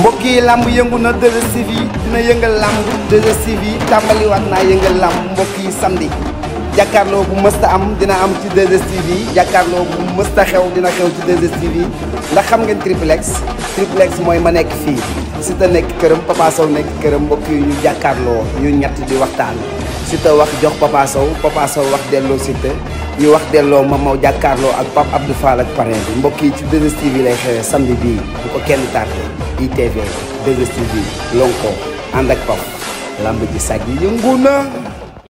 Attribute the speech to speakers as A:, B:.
A: mbokk yi làmb yëngu na 2STV dina yëngal làmb 2STV yi tàmbaliwaat naa yëngal làmb mbokk yi samedi jàkkaarloo bu mësta am dina am ci 2STV yi jàkkaarloo bu mësta xew dina xew ci 2STV yi ndax xam ngeen triplex triplex mooy ma nekk fii Siteu nekk këram Papa Sow nekk këram mbokk yi ñu jàkkaarloo ñett di waxtaan Siteu wax jox Papa Sow Papa Sow wax delloo Siteu ñu wax delloo ma maw jàkkaarloo ak Pape Abdou Fall ak parrain bi mbokk yi ci 2STV lay xewee samedi bii bu ITV 2STV Lonko ànd ak Pape lamb ji sag yi yëngu na